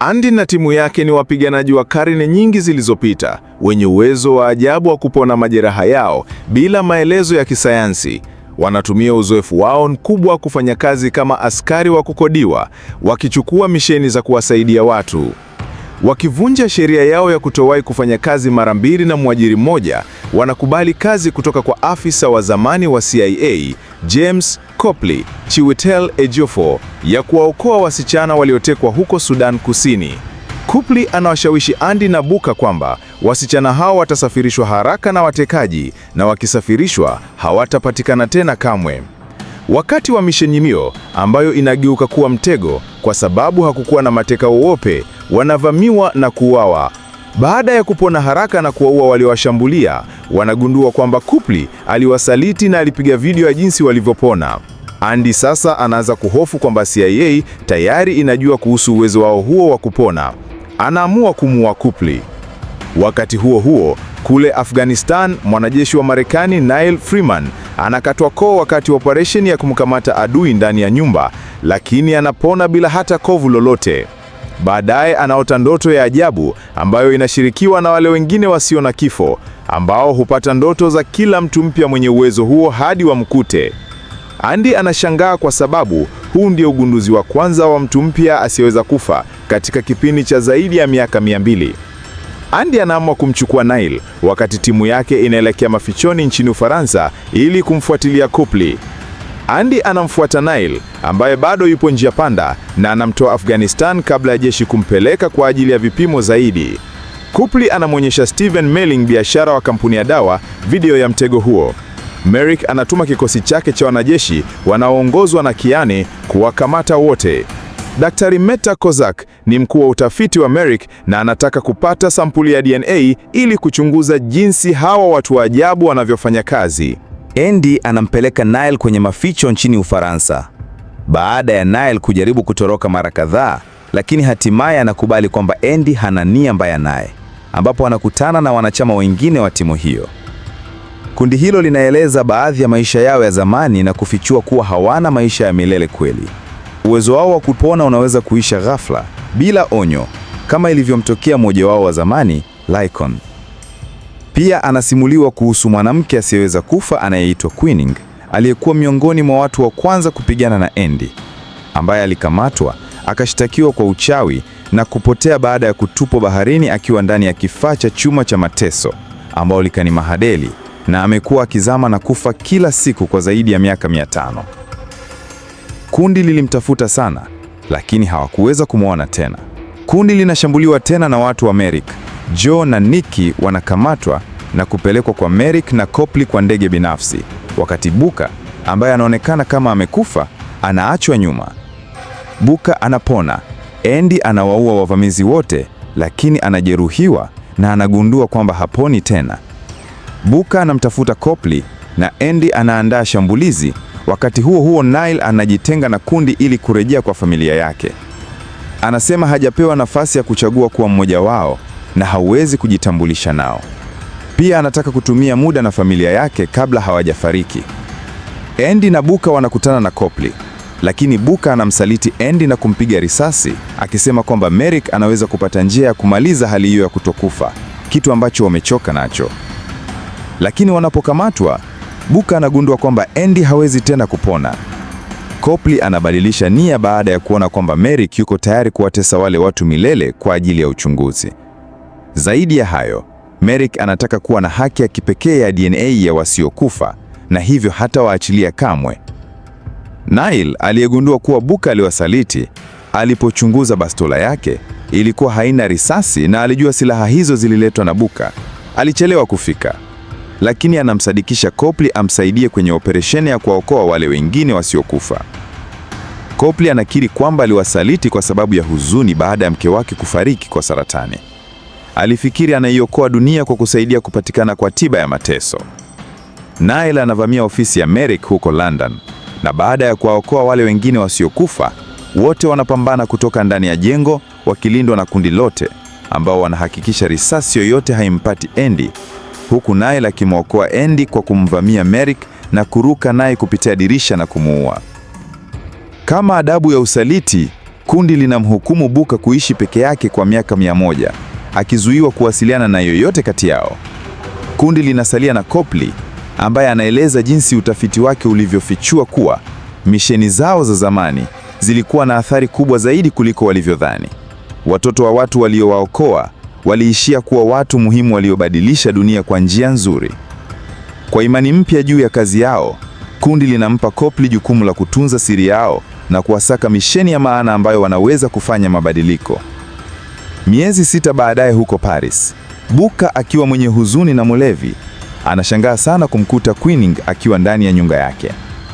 Andy na timu yake ni wapiganaji wa karne nyingi zilizopita wenye uwezo wa ajabu wa kupona majeraha yao bila maelezo ya kisayansi. Wanatumia uzoefu wao mkubwa kufanya kazi kama askari wa kukodiwa, wakichukua misheni za kuwasaidia watu. Wakivunja sheria yao ya kutowahi kufanya kazi mara mbili na mwajiri mmoja, wanakubali kazi kutoka kwa afisa wa zamani wa CIA James Copley Chiwetel Ejiofor ya kuwaokoa wasichana waliotekwa huko Sudan Kusini. Kupli anawashawishi Andy na Buka kwamba wasichana hao watasafirishwa haraka na watekaji na wakisafirishwa hawatapatikana tena kamwe. Wakati wa misheni hiyo ambayo inageuka kuwa mtego kwa sababu hakukuwa na mateka wowote, wanavamiwa na kuuawa. Baada ya kupona haraka na kuwaua waliowashambulia, wanagundua kwamba Kupli aliwasaliti na alipiga video ya jinsi walivyopona. Andy sasa anaanza kuhofu kwamba CIA tayari inajua kuhusu uwezo wao huo wa kupona. Anaamua kumuua Kupli. Wakati huo huo, kule Afghanistan, mwanajeshi wa Marekani Neil Freeman anakatwa koo wakati wa operesheni ya kumkamata adui ndani ya nyumba, lakini anapona bila hata kovu lolote. Baadaye anaota ndoto ya ajabu ambayo inashirikiwa na wale wengine wasio na kifo ambao hupata ndoto za kila mtu mpya mwenye uwezo huo hadi wamkute. Andy anashangaa kwa sababu huu ndio ugunduzi wa kwanza wa mtu mpya asiyeweza kufa katika kipindi cha zaidi ya miaka mia mbili. Andy anaamua kumchukua Nile wakati timu yake inaelekea mafichoni nchini Ufaransa ili kumfuatilia Copley. Andy anamfuata Nail ambaye bado yupo njia panda na anamtoa Afghanistan kabla ya jeshi kumpeleka kwa ajili ya vipimo zaidi. Kupli anamwonyesha Steven Melling, biashara wa kampuni ya dawa, video ya mtego huo. Merrick anatuma kikosi chake cha wanajeshi wanaoongozwa na kiani kuwakamata wote. Daktari Meta Kozak ni mkuu wa utafiti wa Merrick na anataka kupata sampuli ya DNA ili kuchunguza jinsi hawa watu wa ajabu wanavyofanya kazi. Andy anampeleka Nile kwenye maficho nchini Ufaransa. Baada ya Nile kujaribu kutoroka mara kadhaa, lakini hatimaye anakubali kwamba Andy hana nia mbaya naye, ambapo anakutana na wanachama wengine wa timu hiyo. Kundi hilo linaeleza baadhi ya maisha yao ya zamani na kufichua kuwa hawana maisha ya milele kweli. Uwezo wao wa kupona unaweza kuisha ghafla bila onyo, kama ilivyomtokea mmoja wao wa zamani, Lycon. Pia anasimuliwa kuhusu mwanamke asiyeweza kufa anayeitwa Queening, aliyekuwa miongoni mwa watu wa kwanza kupigana na Andy, ambaye alikamatwa akashtakiwa kwa uchawi na kupotea baada ya kutupwa baharini akiwa ndani ya kifaa cha chuma cha mateso ambao likani mahadeli, na amekuwa akizama na kufa kila siku kwa zaidi ya miaka mia tano. Kundi lilimtafuta sana, lakini hawakuweza kumwona tena. Kundi linashambuliwa tena na watu wa Amerika Joe na Nikki wanakamatwa na kupelekwa kwa Merrick na Copley kwa ndege binafsi, wakati Buka ambaye anaonekana kama amekufa anaachwa nyuma. Buka anapona, Andy anawaua wavamizi wote, lakini anajeruhiwa na anagundua kwamba haponi tena. Buka anamtafuta Copley na Andy anaandaa shambulizi. Wakati huo huo, Nile anajitenga na kundi ili kurejea kwa familia yake. Anasema hajapewa nafasi ya kuchagua kuwa mmoja wao, na hauwezi kujitambulisha nao. Pia anataka kutumia muda na familia yake kabla hawajafariki. Andy na Buka wanakutana na Copley, lakini Buka anamsaliti Andy na kumpiga risasi akisema kwamba Merrick anaweza kupata njia ya kumaliza hali hiyo ya kutokufa, kitu ambacho wamechoka nacho. Lakini wanapokamatwa, Buka anagundua kwamba Andy hawezi tena kupona. Copley anabadilisha nia baada ya kuona kwamba Merrick yuko tayari kuwatesa wale watu milele kwa ajili ya uchunguzi. Zaidi ya hayo, Merrick anataka kuwa na haki ya kipekee ya DNA ya wasiokufa na hivyo hatawaachilia kamwe. Nile aliyegundua kuwa Booker aliwasaliti, alipochunguza bastola yake ilikuwa haina risasi na alijua silaha hizo zililetwa na Booker. Alichelewa kufika, lakini anamsadikisha Copley amsaidie kwenye operesheni ya kuwaokoa wale wengine wasiokufa. Copley anakiri kwamba aliwasaliti kwa sababu ya huzuni baada ya mke wake kufariki kwa saratani alifikiri anaiokoa dunia kwa kusaidia kupatikana kwa tiba ya mateso. Nael anavamia ofisi ya Merrick huko London, na baada ya kuwaokoa wale wengine wasiokufa, wote wanapambana kutoka ndani ya jengo wakilindwa na kundi lote ambao wanahakikisha risasi yoyote haimpati Andy, huku Nael akimwokoa Andy kwa kumvamia Merrick na kuruka naye kupitia dirisha na kumuua. Kama adabu ya usaliti, kundi linamhukumu Buka kuishi peke yake kwa miaka mia moja akizuiwa kuwasiliana na yoyote kati yao. Kundi linasalia na Copley ambaye anaeleza jinsi utafiti wake ulivyofichua kuwa misheni zao za zamani zilikuwa na athari kubwa zaidi kuliko walivyodhani. Watoto wa watu waliowaokoa waliishia kuwa watu muhimu waliobadilisha dunia kwa njia nzuri. Kwa imani mpya juu ya kazi yao, kundi linampa Copley jukumu la kutunza siri yao na kuwasaka misheni ya maana ambayo wanaweza kufanya mabadiliko. Miezi sita baadaye huko Paris, Buka akiwa mwenye huzuni na mulevi, anashangaa sana kumkuta quining akiwa ndani ya nyumba yake.